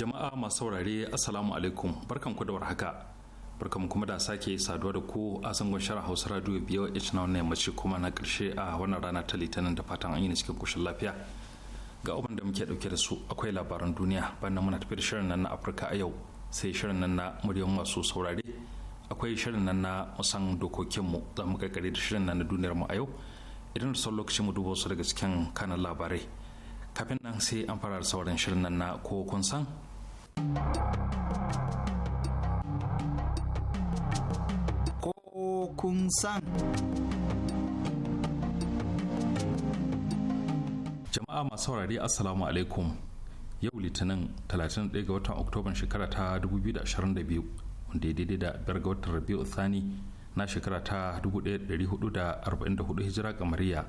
jama'a masu saurare assalamu alaikum barkan ku da warhaka barkan kuma da sake saduwa da ku a sangon shara hausa radio biyo h na wannan yammaci kuma na karshe a wannan rana ta litinin da fatan an yi cikin koshin lafiya ga abin da muke dauke da su akwai labaran duniya bayan muna tafi da shirin nan na afirka a yau sai shirin nan na muryan masu saurare akwai shirin nan na musan dokokinmu za mu kakare da shirin nan na duniyar mu a yau idan da son lokaci mu duba su daga cikin kanan labarai kafin nan sai an fara sauran shirin nan na ko kun san Ko kun san. Jama'a masu saurari Assalamu alaikum. Yau Litinin 31 ga watan Oktoban shekara ta 2022 wanda ya daidai da biyar ga watan Rabi'u Thani na shekara ta 1444 hijira kamariya.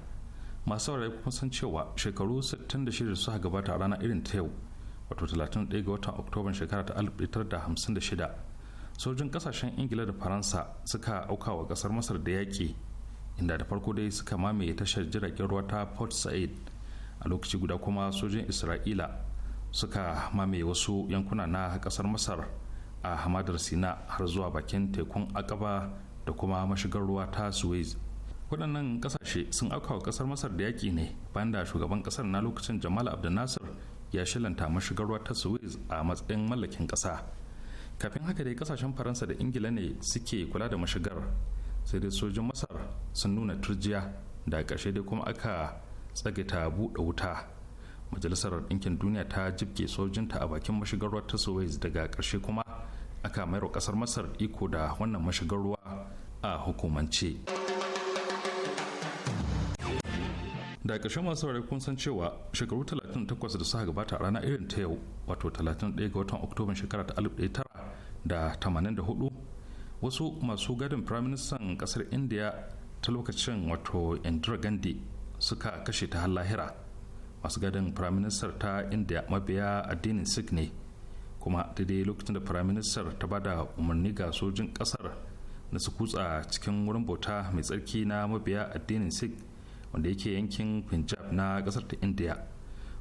Masu saurari kuma san cewa shekaru 66 suka gabata a ranar irin ta yau wato 31 ga watan oktoban shekara ta 1956 sojin kasashen ingila da faransa suka auka wa kasar masar da yaƙi inda da farko dai suka mamaye tashar jiragen ruwa ta port said a lokaci guda kuma sojin isra'ila suka mamaye wasu yankuna na kasar masar a hamadar sina har zuwa bakin tekun akaba da kuma mashigar ruwa ta suez waɗannan ƙasashe sun auka wa ƙasar masar da yaƙi ne bayan da shugaban ƙasar na lokacin jamal abdul ya shilanta mashigar ruwa ta suez a matsayin mallakin ƙasa kafin haka dai kasashen faransa da ingila ne suke kula da mashigar sai dai sojin masar sun nuna turjiya da ƙarshe dai kuma aka tsagita buɗe wuta majalisar ɗinkin duniya ta jibge sojinta a bakin mashigar ruwa ta suez daga ƙarshe kuma aka mayar ƙasar masar iko da wannan mashigar ruwa a hukumance. da ƙarshen masu saurari kun san cewa shekaru 38 da suka gabata a rana irin ta yau wato 31 ga watan oktoban shekara ta 1984 wasu masu gadin firaministan kasar india ta lokacin wato indira gandhi suka kashe ta har lahira masu gadin firaministar ta india mabiya addinin sikh ne kuma daidai lokacin da firaministar ta bada umarni ga sojin kasar na su kutsa cikin wurin bauta mai tsarki na mabiya addinin sikh wanda yake yankin punjab na kasar ta india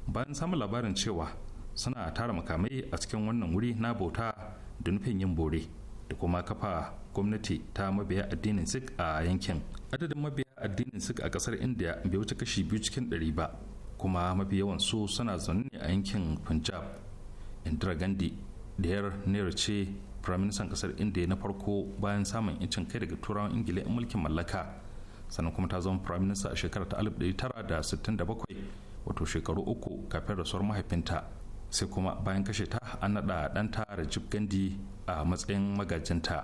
bayan samun labarin cewa suna tara makamai a cikin wannan wuri na bauta da nufin yin bore da kuma kafa gwamnati ta mabiya addinin sik a yankin adadin mabiya addinin sik a kasar india bai wuce kashi biyu cikin ɗari ba kuma mafi yawan su suna zaune ne a yankin punjab indira gandhi yar nera ce firaministan kasar india na farko bayan samun 'yancin kai daga turawan ingila in mulkin mallaka sannan kuma ta zama prime minister a shekarar ta 1967 wato shekaru uku kafin rasuwar mahaifinta sai kuma bayan kashe ta an naɗa ɗanta rajib gandi a matsayin magajinta.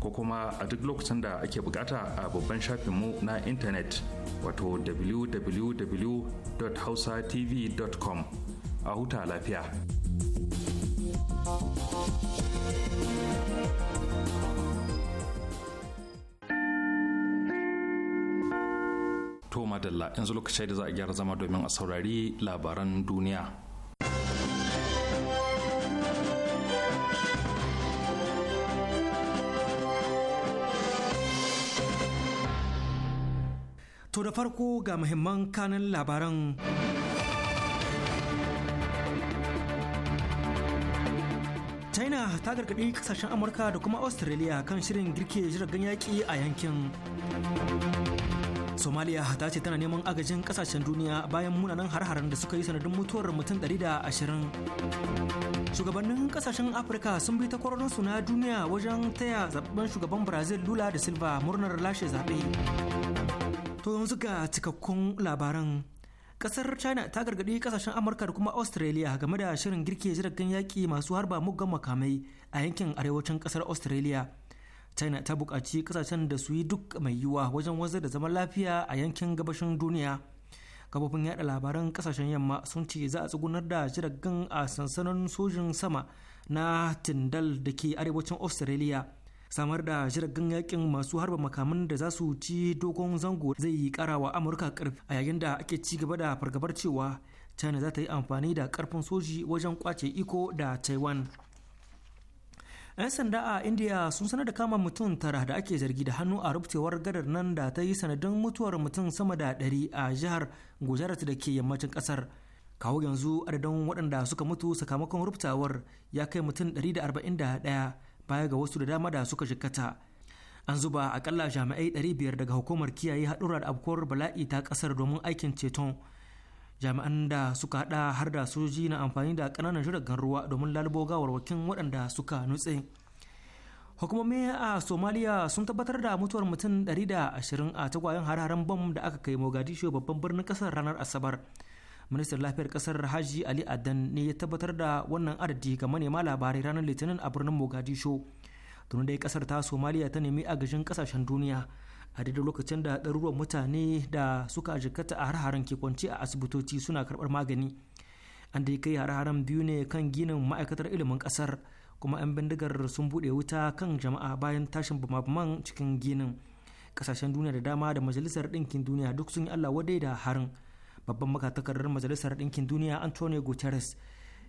ko kuma a duk lokacin da ake bukata a babban shafinmu na intanet wato www.hausatv.com a huta lafiya. To madalla yanzu lokacin da za a gyara zama domin a saurari labaran duniya. To da farko ga muhimman kanan labaran. China ta gargaɗi kasashen Amurka da kuma Australia kan shirin girke jiragen yaƙi a yankin. Somalia ta ce tana neman agajin kasashen duniya bayan munanan har-haren da suka yi sanadin mutuwar mutum ashirin. Shugabannin ƙasashen Afirka sun bi ta su na duniya wajen taya zaɓen shugaban Brazil Lula da Silva murnar lashe zaɓe. To yanzu ga cikakkun labaran. Kasar China ta gargaɗi kasashen Amurka da kuma Australia game da shirin girke jiragen yaƙi masu harba muggan makamai a yankin arewacin ƙasar Australia. China ta buƙaci kasashen da su yi duk mai yiwuwa wajen wanzar da zaman lafiya a yankin gabashin duniya. Kafofin yaɗa labaran kasashen yamma sun ce za a tsugunar da jiragen a sansanin sojin sama na Tindal da ke arewacin Australia. samar da jiragen yakin masu harba makaman da za su ci dogon zango zai kara wa amurka karfi a yayin da ake ci gaba da fargabar cewa china za ta yi amfani da karfin soji wajen kwace iko da taiwan 'yan sanda a india sun sanar da kama mutum tara da ake zargi da hannu a rubutewar gadar nan da ta yi sanadin mutuwar mutum sama da ɗari a jihar gujarat da ke yammacin kasar kawo yanzu adadin waɗanda suka mutu sakamakon rubutawar ya kai mutum da da 141 baya ga wasu da dama da suka jikkata an zuba akalla jami'ai 500 daga hukumar kiyaye haɗura da abkuwar bala'i ta ƙasar domin aikin ceton jami'an da suka haɗa har da soji na amfani da ƙananan jiragen ruwa domin lalubo gawarwakin waɗanda suka nutse hukumomi a somaliya sun tabbatar da mutuwar mutum 120 a tagwayen har-haren bam da aka kai mogadishu babban birnin ƙasar ranar asabar ministan lafiyar kasar haji ali adan ne ya tabbatar da wannan adadi ga manema labarai ranar litinin a birnin mogadisho tun dai kasar ta somaliya ta nemi agajin kasashen duniya a daidai lokacin da ɗaruruwan mutane da suka jikata a harharen ke kwance a asibitoci suna karbar magani an da kai har-haren biyu ne kan ginin ma'aikatar ilimin kasar kuma 'yan bindigar sun buɗe wuta kan jama'a bayan tashin bumabuman cikin ginin kasashen duniya da dama da majalisar ɗinkin duniya duk sun yi allah wadai da harin babban makatakarar majalisar ɗinkin duniya antonio guterres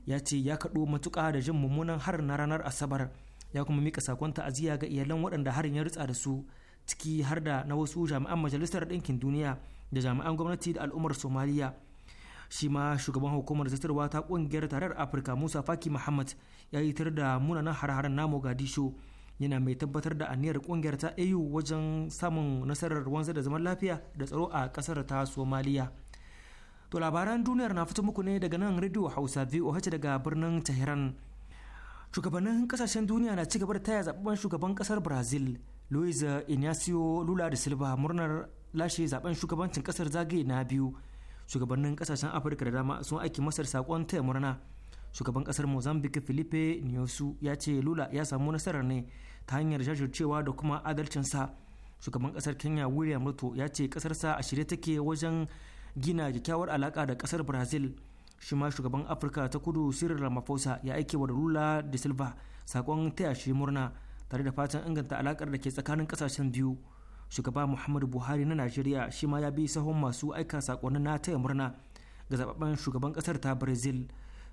ya ce ya kaɗo matuƙa da jin mummunan harin na ranar asabar ya kuma mika sakon ta'aziyya ga iyalan waɗanda harin ya ritsa da su ciki har da na wasu jami'an majalisar ɗinkin duniya da jami'an gwamnati da al'ummar somaliya shi ma shugaban hukumar zartarwa ta ƙungiyar tarayyar afirka musa faki muhammad ya yi tar da munanan har-haren na mogadisho yana mai tabbatar da aniyar ƙungiyar ta au wajen samun nasarar wanzar da zaman lafiya da tsaro a ƙasar ta somaliya To labaran duniyar na fito muku ne daga nan Radio Hausa VOH daga birnin Tehran. Shugabannin kasashen duniya na cigaba da taya zaben shugaban kasar Brazil, Luiz Inacio Lula da Silva murnar lashe zaben shugabancin kasar zagaye na biyu. Shugabannin kasashen Afirka da dama sun aiki masar sakon taya murna. Shugaban kasar Mozambique Felipe Nyusu ya ce Lula ya samu nasarar ne ta hanyar jajircewa da kuma adalcinsa. Shugaban kasar Kenya William Ruto ya ce kasarsa a shirye take wajen gina kyakkyawar alaka da kasar brazil shi ma shugaban afirka ta kudu cyril ramaphosa ya aikewa da lula da silva sakon taya shi murna tare da fatan inganta alakar da ke tsakanin kasashen biyu shugaba muhammadu buhari na najeriya shi ma ya bi sahun masu aika sakonni na taya murna ga zababben shugaban kasar ta brazil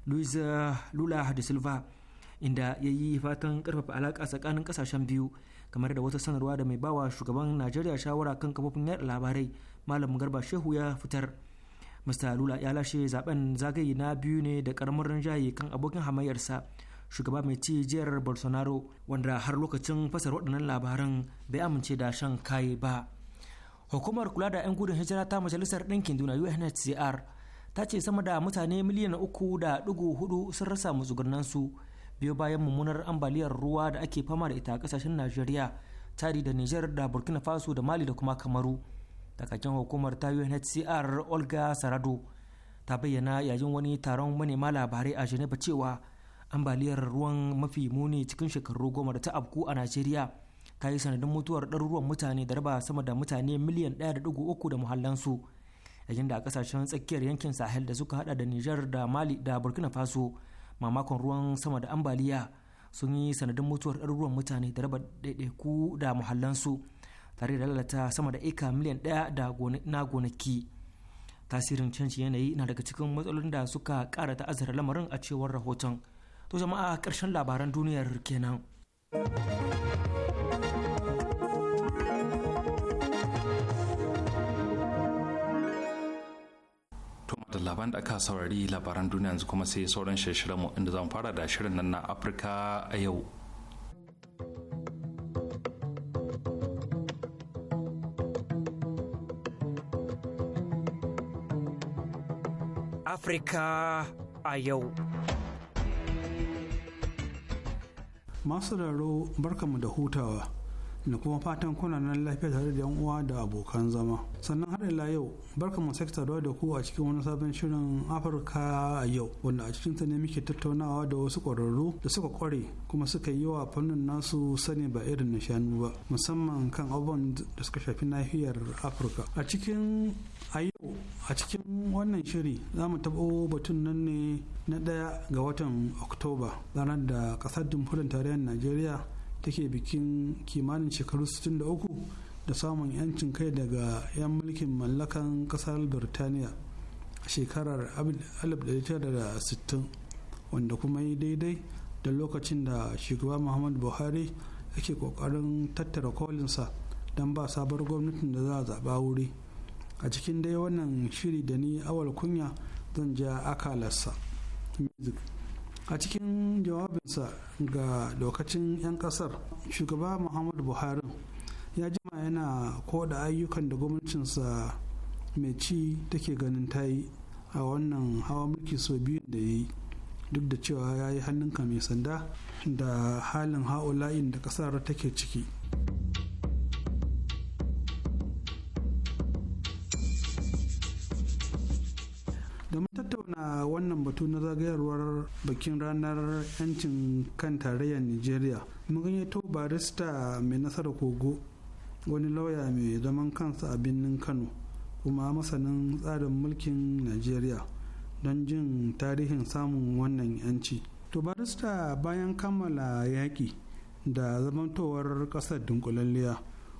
luis eh, lula da silva inda ya yi fatan karfafa alaka tsakanin kasashen biyu kamar da wata sanarwa da mai bawa shugaban najeriya shawara kan kafofin yada labarai malam garba shehu ya fitar mr lula ya lashe zaben zagaye na biyu ne da karamar rinjaye kan abokin hamayyarsa shugaba mai ci jiyar bolsonaro wanda har lokacin fasar waɗannan labaran bai amince da shan kaye ba hukumar kula da 'yan gudun hijira ta majalisar ɗinkin duniya unhcr ta ce sama da mutane miliyan uku da ɗigo hudu sun rasa su biyo bayan mummunar ambaliyar ruwa da ake fama da ita a ƙasashen najeriya tari da niger da burkina faso da mali da kuma kamaru can hukumar ta unhcr olga sarado ta bayyana yayin wani taron manema labarai a geneva cewa ambaliyar ruwan mafi muni cikin shekaru goma da ta afku a nigeria ta yi sanadin mutuwar ɗaruruwan mutane da raba sama da mutane miliyan 1.3 da muhallansu yayin da a kasashen tsakiyar yankin sahel da suka hada da niger da mali da burkina faso mamakon ruwan sama da ambaliya sun yi sanadin mutuwar ɗaruruwan mutane da raba ɗaiɗaiku da muhallansu tare da lalata sama da eka miliyan ɗaya na gonaki tasirin canji yanayi na daga cikin matsalolin da suka ƙara ta'azzara lamarin a cewar rahoton to jama'a ƙarshen labaran duniyar kenan da labaran da aka saurari labaran duniya yanzu kuma sai sauran shirye-shiryenmu inda zan fara da shirin nan na afirka a yau Afrika a yau. Masu raro barkamu da hutawa da kuma fatan kuna nan lafiya tare da uwa da abokan zama. Sannan har ila yau barkamu mu saduwa da ku a cikin wani sabon shirin Afirka a yau wanda a cikin ta ne muke tattaunawa da wasu ƙwararru da suka ƙware kuma suka yi wa fannin nasu sani ba irin na ba musamman kan abubuwan da suka shafi nahiyar Afirka. A cikin a yau a cikin wannan shiri za mu taɓo batun nan ne na ɗaya ga watan oktoba ranar da ƙasar jamhuriyar tarayyar najeriya take bikin kimanin shekaru 63 da samun 'yancin kai daga 'yan mulkin mallakan ƙasar birtaniya a shekarar 1960 wanda kuma yi daidai da lokacin da shugaba muhammadu buhari ake ƙoƙarin tattara kolinsa don ba sabar gwamnatin da za a zaɓa wuri a cikin dai wannan shiri da ni awal kunya zan ja akalarsa a cikin jawabinsa ga lokacin 'yan kasar shugaba muhammadu buhari ya jima yana koda ayyukan da gwamnatinsa mai ci take ganin ta yi a wannan hawa mulki sau biyu da ya yi duk da cewa ya yi hannunka mai sanda da halin ha'ula'in da kasar take ciki tattauna wannan batu na zagayarwar bikin ranar 'yancin kan tarayyar nigeria mun gayyato barista mai nasara kogo wani lauya mai zaman kansa a birnin kano kuma masanin tsarin mulkin nigeria don jin tarihin samun wannan 'yanci to barista bayan kammala yaƙi da zamantowar ƙasar dunkulalliya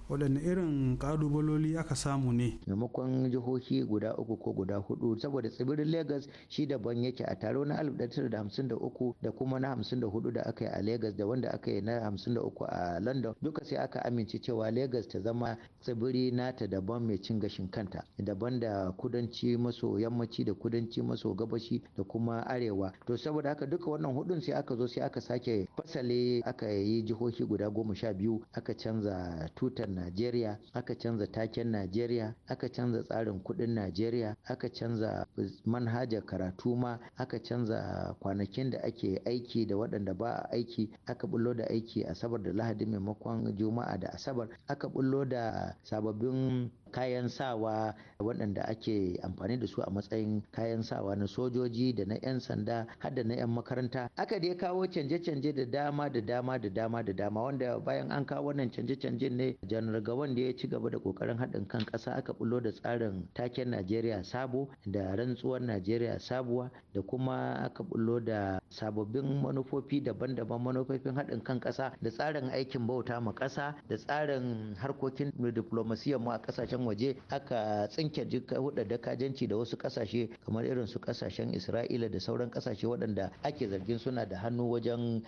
waɗanne irin ƙalubaloli aka samu ne maimakon jihohi guda uku ko guda hudu saboda tsibirin lagos shi daban yake a taro na 1953 da kuma na 54 da aka yi a lagos da wanda aka yi na 53 a london duka sai aka amince cewa lagos ta zama tsibiri nata daban mai cin gashin kanta daban da kudanci maso yammaci da kudanci maso gabashi da kuma arewa to saboda haka duka wannan hudun sai aka zo sai aka sake fasale aka yi jihohi guda goma sha biyu aka canza tutan Najeriya aka canza taken Najeriya aka canza tsarin kuɗin Najeriya aka canza manhajar karatu ma aka canza kwanakin da ake aiki da waɗanda ba a aiki aka bullo da aiki asabar da lahadi maimakon juma'a da asabar aka bullo da sababbin kayan sawa waɗanda ake amfani da su a matsayin kayan sawa na sojoji da na 'yan sanda har da na 'yan makaranta aka dai kawo canje-canje da dama da dama da dama da dama wanda bayan an kawo wannan canje canje ne janar gawan da ya ci gaba da kokarin haɗin kan ƙasa aka bullo da tsarin taken najeriya sabo da rantsuwar najeriya sabuwa da kuma aka bullo da sababbin manufofi daban-daban manufofin haɗin kan ƙasa da tsarin aikin bauta ma ƙasa da tsarin harkokin diplomasiyar mu a ƙasashen waje aka tsinke hudar da kajanci da wasu kasashe kamar irin su kasashen isra'ila da sauran kasashe waɗanda ake zargin suna da hannu wajen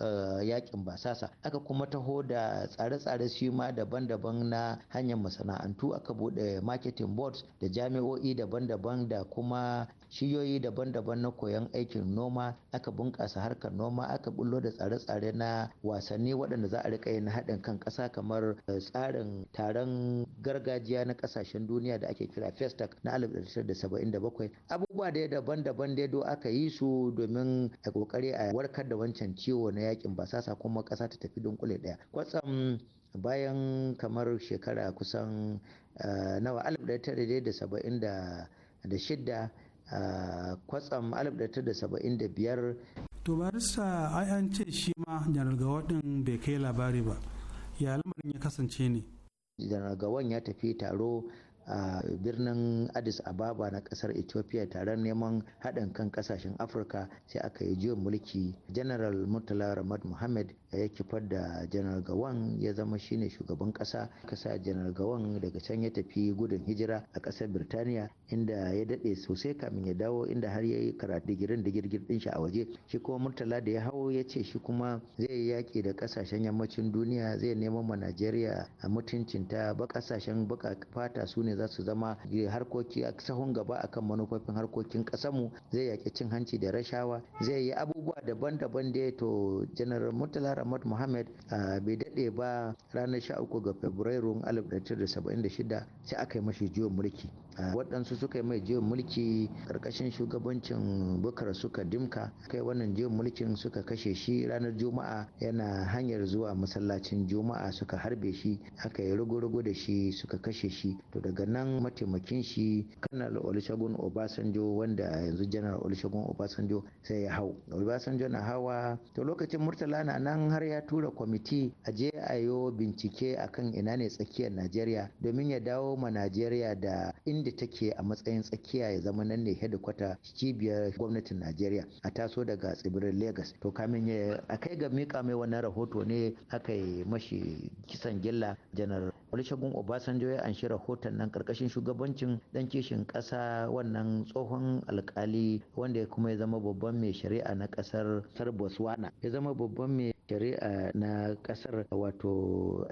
eh, yakin basasa aka kuma taho da tsare-tsare su ma daban-daban na hanyar masana'antu aka buɗe marketing boards da jami'o'i daban-daban da kuma shiyoyi daban-daban na koyon aikin noma aka bunƙasa harkar noma aka bullo da tsare-tsare na wasanni waɗanda za a rika yin haɗin kan ƙasa kamar eh, tsarin taron gargajiya na ƙasashen duniya da ake kira festac na 1977 abubuwa da daban-daban dai do aka yi su domin a kokari a warkar da wancan ciwo na yakin basasa kuma ƙasa ta tafi dunkule ɗaya kwatsam bayan kamar shekara kusan eh, nawa 1976 kwatsam 1975 to barista ai an ce shi ma janar ɗin bai kai labari ba ya lamarin ya kasance ne janar gawan ya tafi taro a birnin addis ababa na kasar ethiopia taron neman haɗin kan kasashen afirka sai aka yi juyin mulki general murtala ramad muhammad ya kifar da general gawan ya zama shine shugaban ƙasa kasa general gawan daga can ya tafi gudun hijira a ƙasar birtaniya inda ya daɗe sosai kamin ya dawo inda har ya yi karatu digirin girgir ɗin shi a waje shi kuma murtala da ya hau ya ce shi kuma zai yi yaƙi da ƙasashen yammacin duniya zai neman ma najeriya a mutuncinta ba ƙasashen baka fata su ne za su zama harkoki a sahun gaba akan manufofin harkokin mu zai yaƙi cin hanci da rashawa zai yi abubuwa daban-daban da to janar murtala ramad muhammad bai daɗe ba ranar 13 ga fabrairun 1976 sai aka yi mashi juyin mulki waɗansu suka yi mai jiyon mulki ƙarƙashin shugabancin bukar suka dimka kai wannan jiyon mulkin suka kashe shi ranar juma'a yana hanyar zuwa masallacin juma'a suka harbe shi aka yi rugu-rugu da shi suka kashe shi to daga nan mataimakin shi kanar olusegun obasanjo wanda yanzu janar olusegun obasanjo sai ya hau obasanjo na hawa to lokacin murtala na nan har ya tura kwamiti a je a yo bincike akan ina ne tsakiyar najeriya domin ya dawo ma najeriya da in inda take a matsayin tsakiya ya zama nan ne hedikwata cibiyar gwamnatin najeriya a taso daga tsibirin lagos to kamin ya a kai ga mika mai wannan rahoto ne aka yi mashi kisan gilla janar olushagun obasanjo ya anshi rahoton nan karkashin shugabancin dan kishin kasa wannan tsohon alkali wanda ya kuma ya zama babban mai shari'a na kasar botswana ya zama babban mai shari'a na kasar wato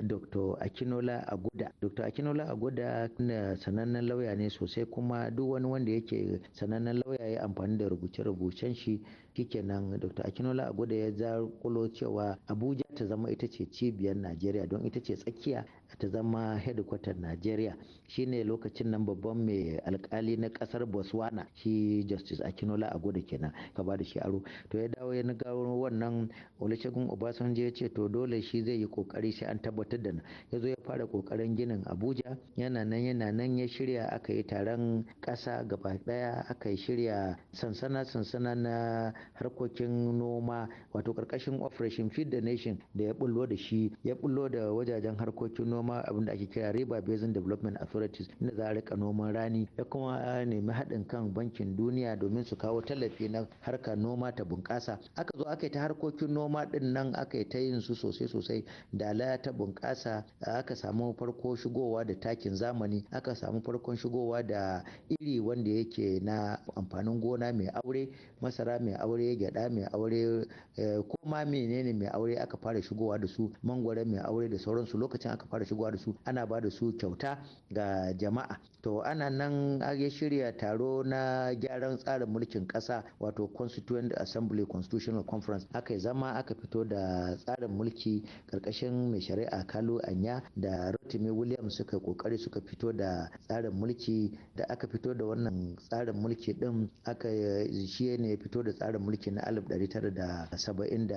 dr akinola agoda dr akinola agoda na sanannen lauya ne sosai kuma duk wani wanda yake sanannen lauya ya amfani da rubuce-rubucen shi shikenan dr akinola agoda ya zakulo cewa abuja ta zama ita ce cibiyar najeriya don ita ce tsakiya ta zama hedikwatar najeriya shine lokacin nan babban mai alkali na kasar botswana shi justice akinola agoda kenan ka ba da shi aro to ya dawo ya gawo wannan olusegun obasanjo ya ce to dole shi zai yi kokari sai an tabbatar da ya zo ya fara kokarin ginin abuja yana nan yana nan ya shirya aka yi taron kasa gaba daya aka yi shirya sansana sansana na harkokin noma wato karkashin operation feed the nation da ya bullo da shi ya bullo da wajajen harkokin noma noma abin da ake kira river basin development authorities inda za a rika noman rani da kuma nemi haɗin kan bankin duniya domin su kawo tallafi na harkar noma ta bunƙasa aka zo aka ta harkokin noma ɗin nan aka ta yin su sosai sosai dala ta bunƙasa aka samu farko shigowa da takin zamani aka samu farkon shigowa da iri wanda yake na amfanin gona mai aure masara mai aure gyaɗa mai aure eh, ko menene mai aure aka fara shigowa da su mangwaro mai aure da sauransu lokacin aka fara shigowa da su ana ba da su kyauta ga jama'a to ana nan ya shirya taro na gyaran tsarin mulkin ƙasa wato constituent assembly constitutional conference aka zama aka fito da tsarin mulki karkashin mai shari'a kalu anya da rotimi williams suka kokari suka fito da tsarin mulki da aka fito da wannan tsarin mulki din aka shi ne fito da tsarin mulki na 1979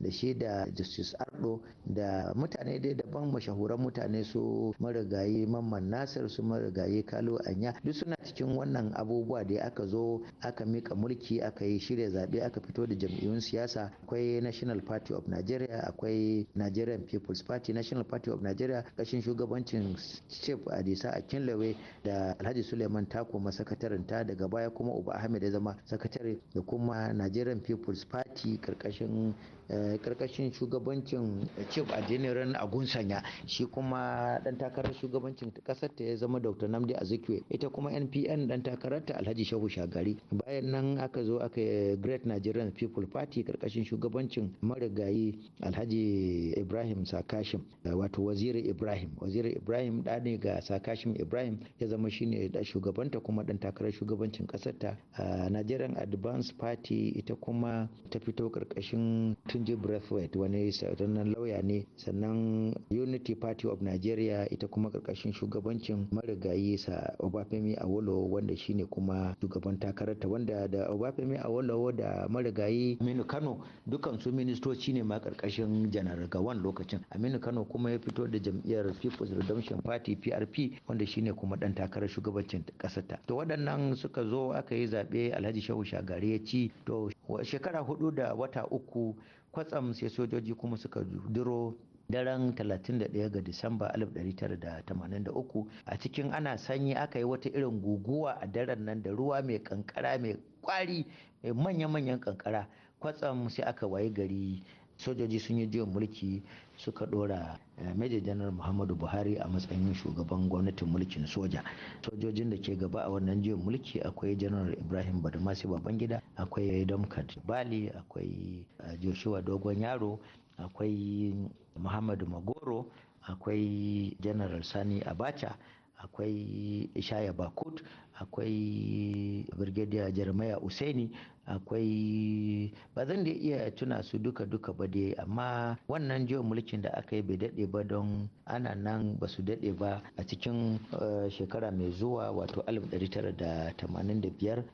da shi da justice ardo da mutane dai daban mashahuri jagoran mutane su marigayi mamman nasir su marigayi kalo anya duk suna cikin wannan abubuwa da aka zo aka mika mulki aka yi shirya zaɓe aka fito da jam'iyyun siyasa akwai national party of nigeria akwai nigerian people's party national party of nigeria kashin shugabancin chief adisa akinlewe da alhaji suleiman tako masakataren ta daga baya kuma uba ahmed ya zama sakatare da kuma nigerian people's party karkashin Eh, karkashin shugabancin chief a general agunsanya shi kuma dan takarar shugabancin kasar ta ya zama dr namdi azikiwe ita kuma npn dan takarar ta alhaji shehu shagari bayan nan aka zo aka great nigerian people party karkashin shugabancin marigayi alhaji ibrahim sakashim eh, wato waziri ibrahim waziri ibrahim da ga sakashim ibrahim ya zama shine da shugabanta kuma dan takarar shugabancin kasar ta ah, nigerian advance party ita kuma ta fito karkashin Tunji Breathwaite wani sanannan lauya ne sannan Unity Party of Nigeria ita kuma karkashin shugabancin marigayi sa Obafemi Awolowo wanda shine kuma shugaban takararta wanda da Obafemi Awolowo da marigayi Aminu Kano dukan su ministoci ne ma karkashin janar Gawan lokacin Aminu Kano kuma ya fito da jam'iyyar People's Redemption Party PRP wanda shine kuma dan takarar shugabancin kasar ta to waɗannan suka zo aka yi zaɓe Alhaji Shehu Shagari ya ci to shekara hudu da wata uku kwatsam sai sojoji kuma suka duro daren 31 ga Disamba 1983 a cikin ana sanyi aka yi wata irin guguwa a daren nan da ruwa mai kankara mai kwari mai manya-manyan kankara kwatsam sai aka waye gari sojoji sun yi juyin mulki suka dora eh, major janar muhammadu buhari a matsayin shugaban gwamnatin mulkin soja sojojin da ke gaba a wannan jiyan mulki akwai janaral ibrahim badamasi babangida akwai domkat bali akwai eh, joshua dogon yaro akwai muhammadu magoro akwai janaral sani abacha akwai ishaya bakut akwai brigadier jeremiah usaini akwai ba zan da iya tuna su duka duka ba dai amma wannan jiwa mulkin da aka yi bai daɗe ba don ana nan ba su daɗe ba a cikin eh, shekara mai zuwa wato 1985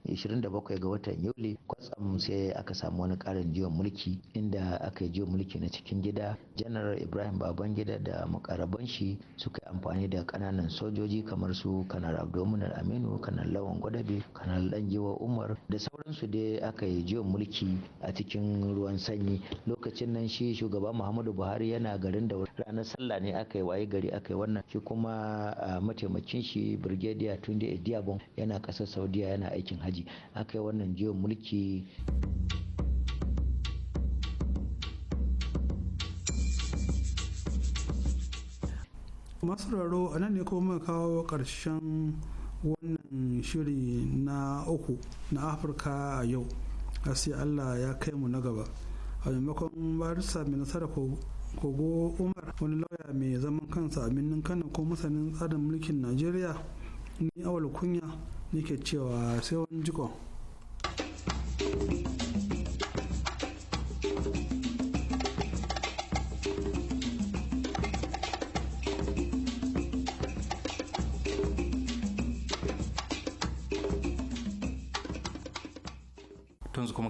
27 ga watan yuli kwatsam sai aka samu wani ƙarin jiwa mulki inda aka yi jiwa mulki na cikin gida janar ibrahim baban gida da makaraban shi suka yi amfani da ƙananan sojoji kamar su kanar abdominal aminu kanar lawan gwadabe kanar dangiwa umar da sauransu dai aka yi jiyon mulki a cikin ruwan sanyi lokacin nan shi shugaba muhammadu buhari yana garin da ranar sallah ne aka yi waye gari aka yi wannan shi kuma mataimakin shi brigadier tunde ediyabon yana kasar saudiya yana aikin haji aka yi wannan jiyon mulki masu raro a nan ne kuma kawo ƙarshen wannan shiri na uku na afirka a yau sai allah ya kai mu na gaba a maimakon barista mai nasara kogo umar wani lauya mai zaman kansa a birnin kano ko masanin tsarin mulkin najeriya ni awal kunya nake cewa sai wani jikon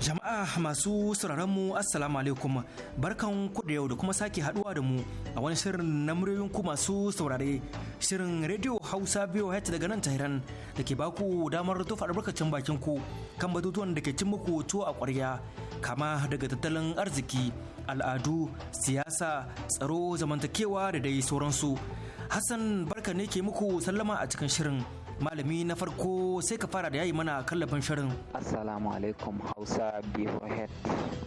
Jama'a masu sauraron mu Assalamu alaikum barkan ku da yau da kuma sake haduwa da mu a wani shirin na ku masu saurare shirin Radio Hausa biyo hat daga nan Tehran da ke baku damar tofa albarkacin bakin ku kan batutuwan da ke cin muku tuwo a ƙwarya kama daga tattalin arziki al'adu siyasa tsaro zamantakewa da dai sauransu. Hassan barka ne ke muku sallama a cikin shirin malami na farko sai ka fara da yayi mana kallafin shirin assalamu alaikum hausa head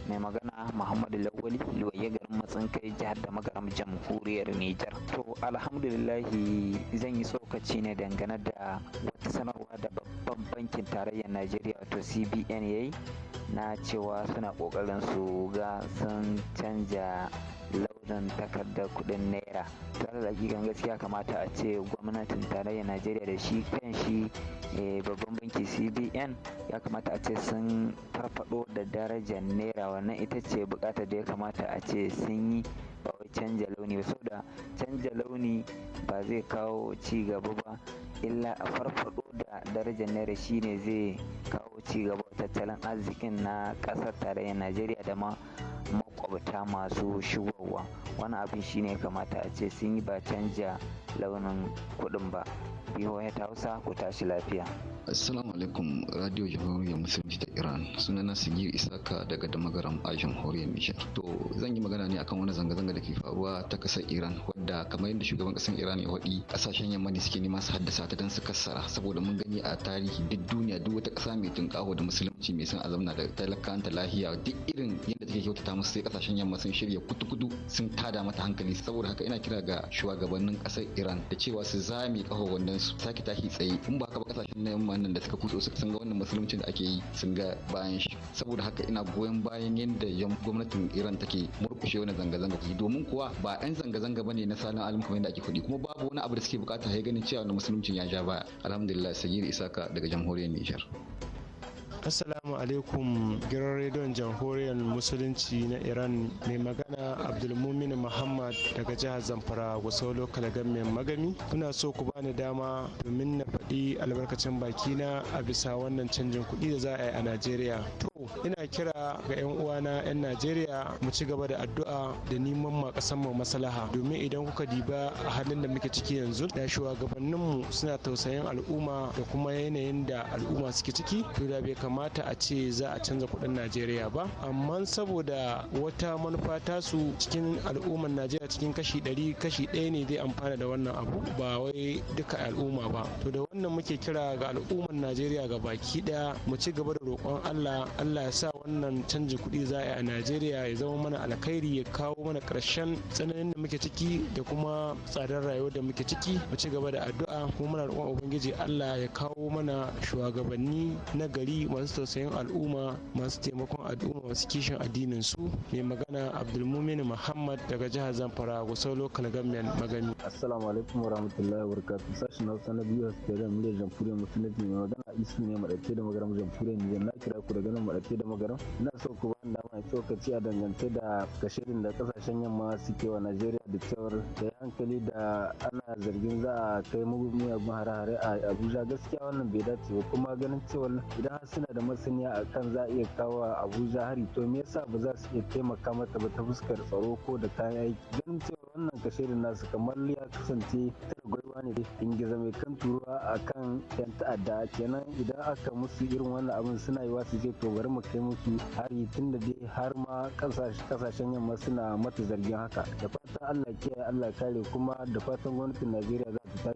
mai magana muhammadu lawali loye garin matsin kai jihar da magaram jamhuriyar nijar to alhamdulillahi zan yi tsokaci ne dangane da wata sanarwa da babban bankin tarayyar najeriya wato cbn yayi na cewa suna kokarin su ga sun canja kuɗin takardar kuɗin naira tare da hakikan gaskiya kamata a ce gwamnatin tarayyar najeriya da shi kan shi eh, babban banki cbn ya kamata a ce sun farfado da darajar naira wannan ita ce bukatar da ya kamata a ce sun yi bawai canja launi ba saboda canja launi ba zai kawo ci gaba ba illa a farfado da darajar naira shine zai kawo ci gaba tattalin arzikin na ƙasar tarayyar najeriya da ma makwabta masu shigowa wani abin shine kamata a ce sun yi ba canja launin kuɗin ba voa hausa ku tashi lafiya assalamu alaikum radio jamhuriyar musulunci ta iran sunana sigir isaka daga damagaram a jamhuriyar Nishar. to zan yi magana ne akan wani zanga-zanga da ke faruwa ta kasar iran wadda kamar yadda shugaban kasar iran ya waɗi kasashen yamma ne suke nema su haddasa ta don su kassara saboda mun gani a tarihi duk duniya duk wata ƙasa mai tunƙaho da musulunci mai son azamna da talakanta lahiya duk irin yadda take kyautata musu sai kasashen yamma sun shirya kutu-kutu sun tada mata hankali saboda haka ina kira ga shugabannin kasar iran da cewa su zame ƙaho wandon su sake tashi tsaye in ba ka ba kasashen na yamma nan da suka kutso sun ga wannan musuluncin da ake yi sun ga bayan shi saboda haka ina goyon bayan yadda gwamnatin Iran take murkushe wani zanga-zanga domin kuwa ba 'yan zanga-zanga bane na salon alim kamar yadda ake kuɗi kuma babu wani abu da suke bukata ya ganin cewa wani musuluncin ya ja baya alhamdulillah sagir isaka daga jamhuriyar Nijar. Assalamu alaikum giran rediyon jamhuriyar musulunci na Iran mai magana Abdulmumin Muhammad daga jihar Zamfara wasu Lokal Gamin Magami. Kuna so ku bani dama domin na faɗi albarkacin bakina a bisa wannan canjin kuɗi da za a yi a Najeriya. To ina kira ga 'yan uwana 'yan Najeriya mu ci gaba da addu'a da neman ma ƙasar mu maslaha domin idan kuka diba a halin da muke ciki yanzu da shugabanninmu suna tausayin al'umma da kuma yanayin da al'umma suke ciki to da bai kamata a ce za a canza kuɗin najeriya ba amma saboda wata manufa su cikin al'ummar najeriya cikin kashi ɗari kashi ɗaya ne zai amfana da wannan abu ba wai duka al'umma ba to da wannan muke kira ga al'ummar najeriya ga baki ɗaya mu ci gaba da roƙon allah allah ya sa wannan canji kuɗi za a yi a najeriya ya zama mana alkhairi ya kawo mana ƙarshen tsananin da muke ciki da kuma tsadar rayuwar da muke ciki mu ci gaba da addu'a kuma muna roƙon ubangiji allah ya kawo mana shugabanni na gari masu tausayin al'umma masu taimakon al'umma masu kishin addinin su mai magana abdulmumin muhammad daga jihar zamfara gusau lokal government magani assalamu alaikum wa rahmatullahi wa sashi na wasu na biyu haske da muryar masu musulunci mai magana isu ne madace da magaram jamhuriyar nijar na kira ku daga nan madace da magaram ina so ku ba da mai tsokaci a dangance da kashirin da kasashen yamma suke wa najeriya da cewar da hankali da ana zargin za a kai mugun hare-hare a abuja gaskiya wannan bai dace ba kuma ganin cewa idan suna da masaniya akan za a iya kawo a abuja hari to me yasa ba za su iya taimaka mata ba ta fuskar tsaro ko da kayan aiki ganin cewa wannan kashe da nasu kamar ya kasance ta gwaiwa ne da ingiza mai kan turuwa a kan yan ta'adda kenan idan aka musu irin wannan abin suna yi wasu je to bari mu kai musu hari tun da dai har ma kasashen yamma suna mata zargin haka da fatan allah kiyaye allah kare kuma da fatan gwamnatin najeriya za ta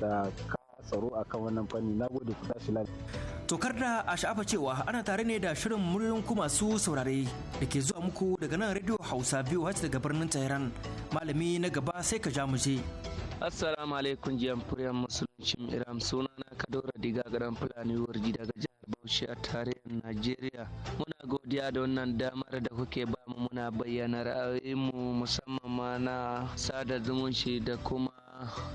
tashi ta tsaro a kan wannan fanni na gode ku tashi lafiya Tokar da a sha'afa cewa ana tare ne da shirin muryoyin ku masu saurare da ke zuwa muku daga nan Radio Hausa biyu hajji daga birnin Tehran. Malami na gaba sai ka ja mu je. Assalamu alaikum jamhuriyar musulunci Iram na Kadora Diga garan Fulani Warji daga jihar Bauchi a tarihin Najeriya. Muna godiya da wannan damar da kuke ba mu muna bayyana ra'ayoyinmu musamman ma na sada zumunci da kuma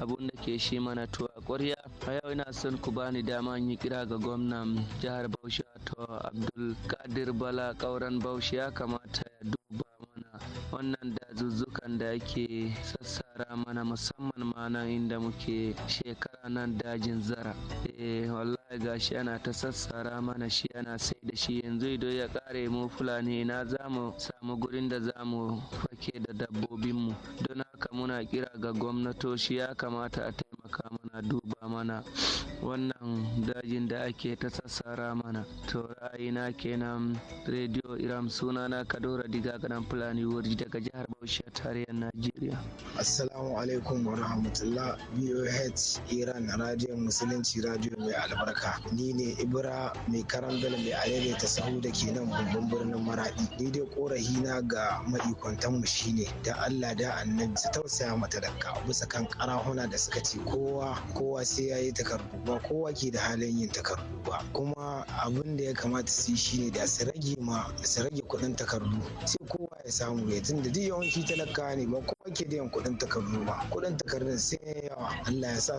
abun da ke shi mana tuwa ƙwarya a yau ina son ku bani dama yi kira ga gwamnan jihar Bauchi to Abdul Kadir Bala ƙauren Bauchi ya kamata ya duba mana wannan dazuzzukan da ke sassara mana musamman ma nan inda muke shekara nan dajin zara eh wallahi gashi ana ta sassara mana shi ana sai da shi yanzu ido ya kare mu fulani na zamu sa samu gurin da za mu fake da dabbobinmu don haka muna kira ga gwamnatoci ya kamata a taimaka mana duba mana wannan dajin da ake ta sassara mana to ra'ayina kenan rediyo iram suna na kadora diga ganan fulani wuri daga jihar bauchi tarayyar najeriya assalamu alaikum wa rahmatullah boh iran radio musulunci radio mai albarka ni ne ibra mai karambal mai alele ta sahu da ke nan babban birnin maradi ni dai korafi na ga mu shine da Allah da annabi su tausaya mata da bisa kan karahuna da suka ce kowa kowa sai ya yi takardu ba kowa ke da halin yin takardu ba kuma abin da ya kamata su yi shine da su rage ma su rage kuɗin takardu sai kowa ya samu ya tunda duk yawanci talaka ne ba kowa ke da yin kuɗin takardu ba kuɗin takardun sai ya yawa Allah ya sa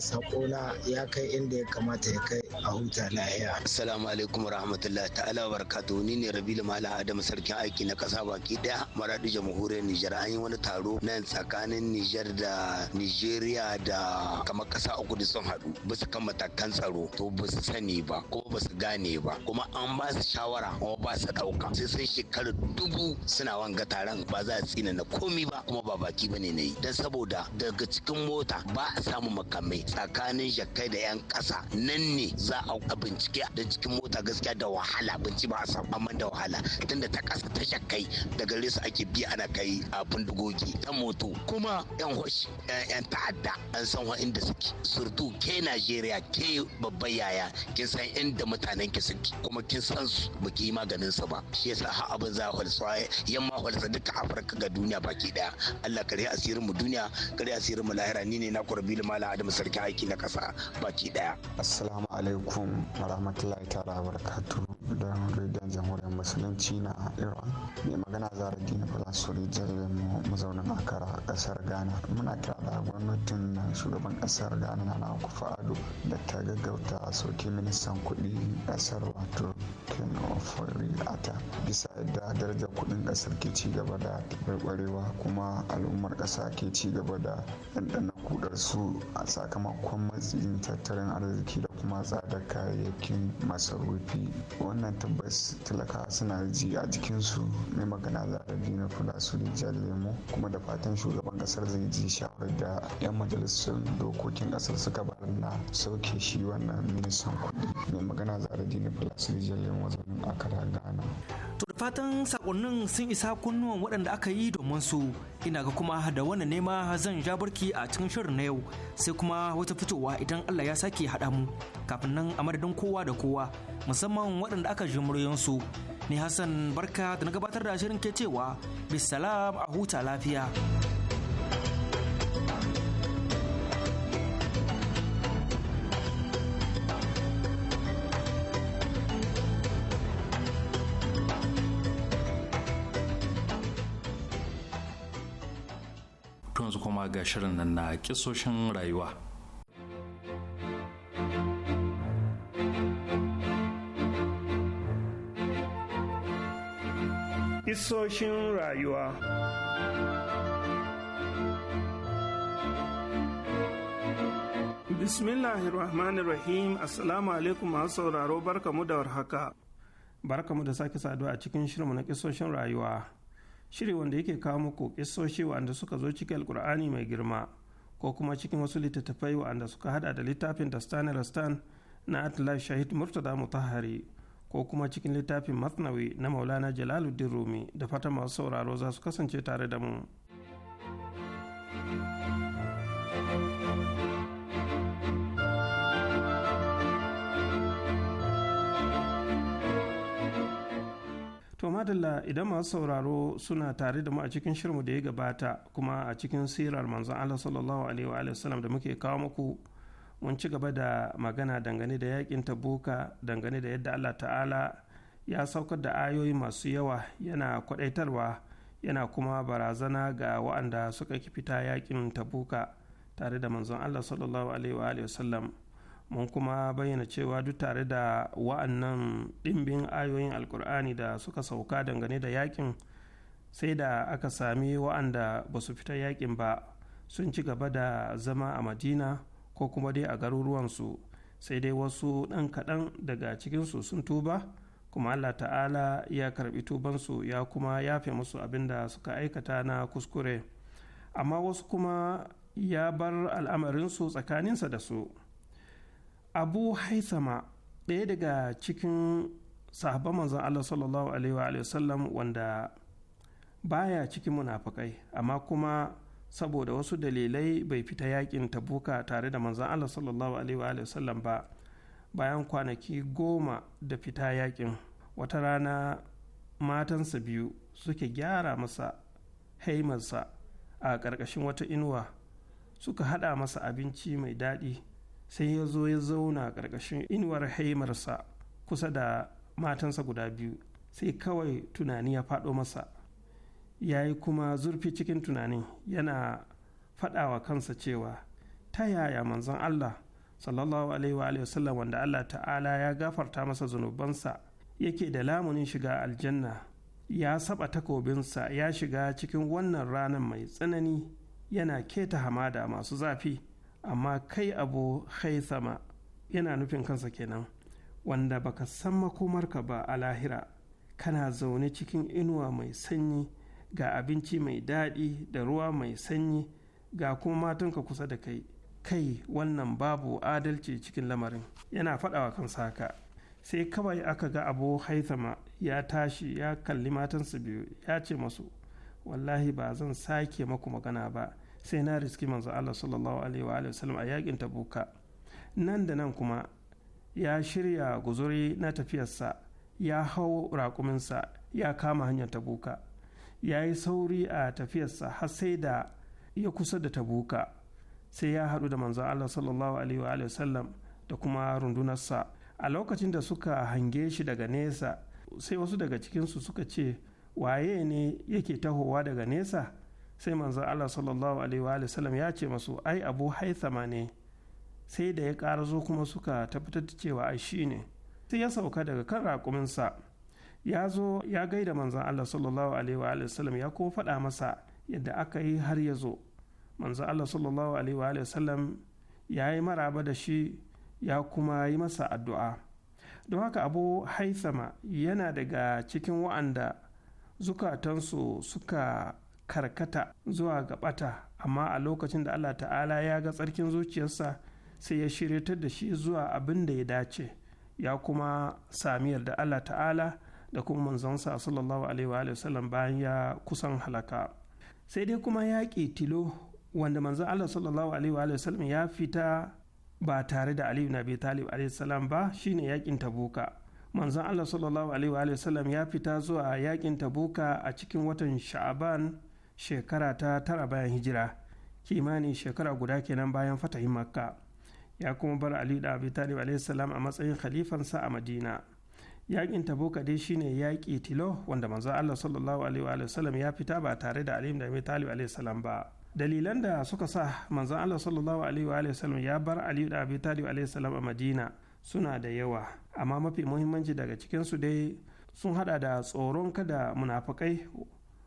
na ya kai inda ya kamata ya kai a huta lahiya assalamu alaikum rahmatullahi ta'ala barakatuhu ni ne rabilu malam adam sarkin aiki na kasa ba baki daya maradi jamhuriyar Nijar an yi wani taro na tsakanin Nijar da Nijeriya da kamar kasa uku da sun haɗu bisa kan matakan tsaro to ba su sani ba ko ba su gane ba kuma an ba su shawara kuma ba su ɗauka sai sun shekaru dubu suna wanga taron ba za a tsina na komi ba kuma ba baki ba ne na yi don saboda daga cikin mota ba a samu makamai tsakanin jakai da 'yan kasa nan ne za a bincike da cikin mota gaskiya da wahala binci ba a samu amma da wahala tunda ta kasa ta jakai da gare su ake biya ana kai a bindigogi ta moto kuma yan hoshi yan ta'adda an san wa inda suke surtu ke najeriya ke babban yaya kin san inda mutanen ki suke kuma kin san su baki yi maganin su ba shi yasa har abin za halsa yamma halsa duka afirka ga duniya baki daya allah kare asirin mu duniya kare asirin mu lahira ni ne na kurbi mala adam sarki aiki na kasa baki daya assalamu alaikum warahmatullahi ta'ala barakatuh don rediyon jamhuriyar musulunci na iran magana gina falasuri jirgin mu mazaunin akara kasar ghana muna kira da gwamnatin shugaban kasar ghana na kufa ado da ta gaggauta sauke ministan kudi kasar wato ken of ata bisa yadda darajar kudin kasar ke ci gaba da tabarbarewa kuma al'ummar kasa ke ci gaba da ɗanɗana kudar su a sakamakon matsin tattalin arziki da kuma tsada kayayyakin masarufi wannan tabbas talaka suna ji a jikinsu mai tana zaɓar dina da rijiyar lemo kuma da fatan shugaban kasar zai ji shawarar da 'yan majalisun dokokin kasar suka bar na sauke shi wannan ministan kuɗi mai magana zaɓar dina da rijiyar lemo a akara gana. to da fatan sakonnin sun isa kunnuwan waɗanda aka yi domin su ina ga kuma da wani nema zan ja barki a cikin shirin na yau sai kuma wata fitowa idan Allah ya sake haɗa mu kafin nan a madadin kowa da kowa musamman waɗanda aka ji muryansu. ni Hassan barka da na gabatar da shirin ke cewa bisalam a huta lafiya. yanzu kuma ga shirin nan na kisoshin rayuwa. Isoshin rayuwa Bismillahirrahmanirrahim Assalamu alaikum masu sauraro barkamu da warhaka. Barkamu da sake saduwa a cikin shirinmu na kisoshin rayuwa. Shiri wanda yake kawo muku kisoshi wanda suka zo cikin alkur'ani mai girma ko kuma cikin wasu littattafai wanda suka hada da littafin Stanley Rastan na Atlas Shahid Murtada Mutahari. ko kuma cikin littafin masnawi na maulana jalaluddin rumi da fata masu sauraro za su kasance tare da mu to madalla idan masu sauraro suna tare da mu a cikin shirmu da ya gabata kuma a cikin sirar manzon allah sallallahu alaihi wa sallam da muke kawo muku mun ci gaba da magana dangane da yakin tabuka dangane da yadda allah ta'ala ya saukar da ayoyi masu yawa yana kwadaitarwa yana kuma barazana ga wa'anda suka fita yakin tabuka tare da manzon allah sallallahu alaihi wasallam mun kuma bayyana cewa duk tare da wa'annan ɗimbin ayoyin alkur'ani da suka sauka dangane da yakin sai da aka sami wa'anda ba su fita yakin ba sun ci gaba da zama a madina ko kuma dai a garuruwansu sai dai wasu ɗan kaɗan daga cikinsu sun tuba kuma allah ta'ala ya karɓi tubansu ya kuma yafe musu abin da suka aikata na kuskure amma wasu kuma ya bar al'amarinsu tsakaninsa da su abu haisama ɗaya daga cikin sahaba manzan allah sallallahu alaihi wa sallam wanda baya cikin munafukai amma kuma saboda wasu dalilai bai fita yakin tabuka tare da manzan Allah sallallahu alaihi wa ba bayan kwanaki goma da fita yakin wata rana matansa biyu suke gyara masa haimarsa a ƙarƙashin wata inuwa suka haɗa masa abinci mai daɗi sai ya zo ya zauna ƙarƙashin inuwar haimarsa kusa da matansa guda biyu sai kawai tunani ya faɗo masa ya yi kuma zurfi cikin tunani yana faɗawa kansa cewa ta yaya manzon Allah sallallahu alaihi wa wasallam wanda Allah ta'ala ya gafarta masa zunubansa yake da lamunin shiga aljanna ya saba takobinsa ya shiga cikin wannan ranar mai tsanani yana keta hamada masu zafi amma kai abu haithama yana nufin kansa kenan wanda baka san makomarka ba a lahira kana zaune cikin inuwa mai sanyi ga abinci mai daɗi da ruwa mai sanyi ga kuma matanka kusa da kai kai wannan babu adalci cikin lamarin yana faɗawa kansa haka sai kawai aka ga abu haithama ya tashi ya kalli matansu biyu ya ce masu wallahi ba zan sake maku magana ba sai na riski manzo Allah sallallahu alaihi wa wasallam a yakin tabuka nan da nan kuma ya shirya guzuri na tafiyarsa ya hau raƙuminsa ya kama hanyar tabuka ya yi sauri a tafiyarsa har sai da ya kusa da tabuka sai ya haɗu da manzon Allah sallallahu alaihi wa sallam da kuma rundunarsa a lokacin da suka hange shi daga nesa sai wasu daga cikinsu suka ce waye ne yake tahowa daga nesa sai manzon Allah sallallahu alaihi wa sallam ya ce masu ai abu haithama ne sai da ya ƙara zo kuma suka tabbatar da cewa ai shi ne sai ya sauka daga kan raƙuminsa ya zo ya gaida manzan Allah sallallahu alaihi wa sallam ya kuma faɗa masa yadda aka yi har ya zo manzan Allah sallallahu alaihi wa sallam ya yi maraba da shi ya kuma yi masa addu'a don haka abu haithama yana daga cikin wa'anda zukatansu suka karkata zuwa ga bata amma a lokacin da Allah ta'ala ya ga tsarkin zuciyarsa sai ya shiryatar da shi zuwa abin da ya dace ya kuma sami yarda Allah ta'ala da kuma manzansa sallallahu alaihi wa sallam bayan ya kusan halaka sai dai kuma yaƙi tilo wanda manzan Allah sallallahu alaihi wa sallam ya fita ba tare da Aliyu na Talib alaihi salam ba shine yaƙin Tabuka manzan Allah sallallahu alaihi wa sallam ya fita zuwa yaƙin Tabuka a cikin watan Sha'aban shekara ta tara bayan hijira kimanin shekara guda kenan bayan fatahin Makka ya kuma bar Aliyu da Abi Talib alaihi salam a matsayin khalifansa a Madina yakin tabuka dai shine yaƙi tilo wanda manzo Allah sallallahu alaihi wa sallam ya fita ba tare da alim da mai Talib alaihi salam ba dalilan da suka sa manzo Allah sallallahu alaihi wa sallam ya bar Ali da Abi Talib alaihi salam a Madina suna da yawa amma mafi muhimmanci daga cikin su dai sun hada da tsoron kada munafikai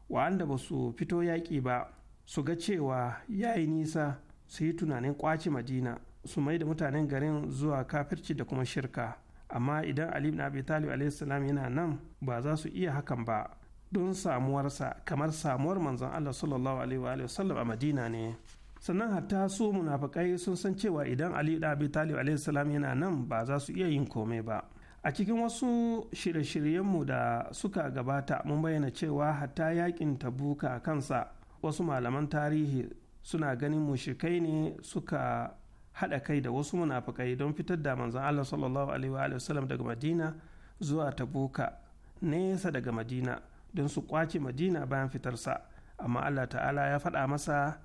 wa'anda ba su fito yaƙi ba su ga cewa yayi nisa su yi tunanin kwaci Madina su mai da mutanen garin zuwa kafirci da kuma shirka amma idan ali ibn abi talib yana nan ba za su iya hakan ba don samuwarsa kamar samuwar manzon Allah sallallahu alaihi wa wasallam a Madina ne sannan hatta su munafikai sun san cewa idan Ali da Abi Talib alayhi salam yana nan ba za su iya yin komai ba a cikin wasu shirye-shiryenmu da suka gabata mun bayyana cewa hatta yakin tabuka kansa wasu malaman tarihi suna ganin mushikai ne suka haɗa kai da wasu munafukai don fitar da manzon Allah sallallahu alaihi wa sallam daga Madina zuwa Tabuka nesa daga Madina don su kwace Madina bayan fitarsa amma Allah ta'ala ya faɗa masa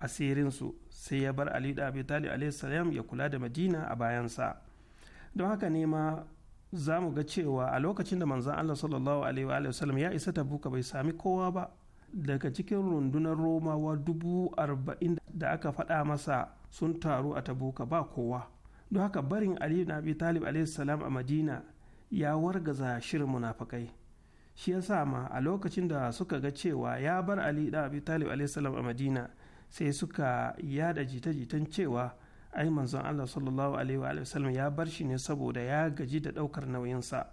asirinsu sai ya bar Ali da Abi Talib ya kula da Madina a bayansa don haka ne ma za mu ga cewa a lokacin da manzon Allah sallallahu alaihi wa sallam ya isa Tabuka bai sami kowa ba daga cikin rundunar Romawa dubu arba'in da aka faɗa masa sun taru a tabuka ba kowa don haka barin aliyu na abi talib a madina ya wargaza shirin munafakai shi ya sa ma a lokacin da suka ga cewa ya bar ali da abi talib a madina sai suka yada jita-jitan cewa ai manzon allah sallallahu alaihi wa sallam ya bar shi ne saboda ya gaji da daukar nauyinsa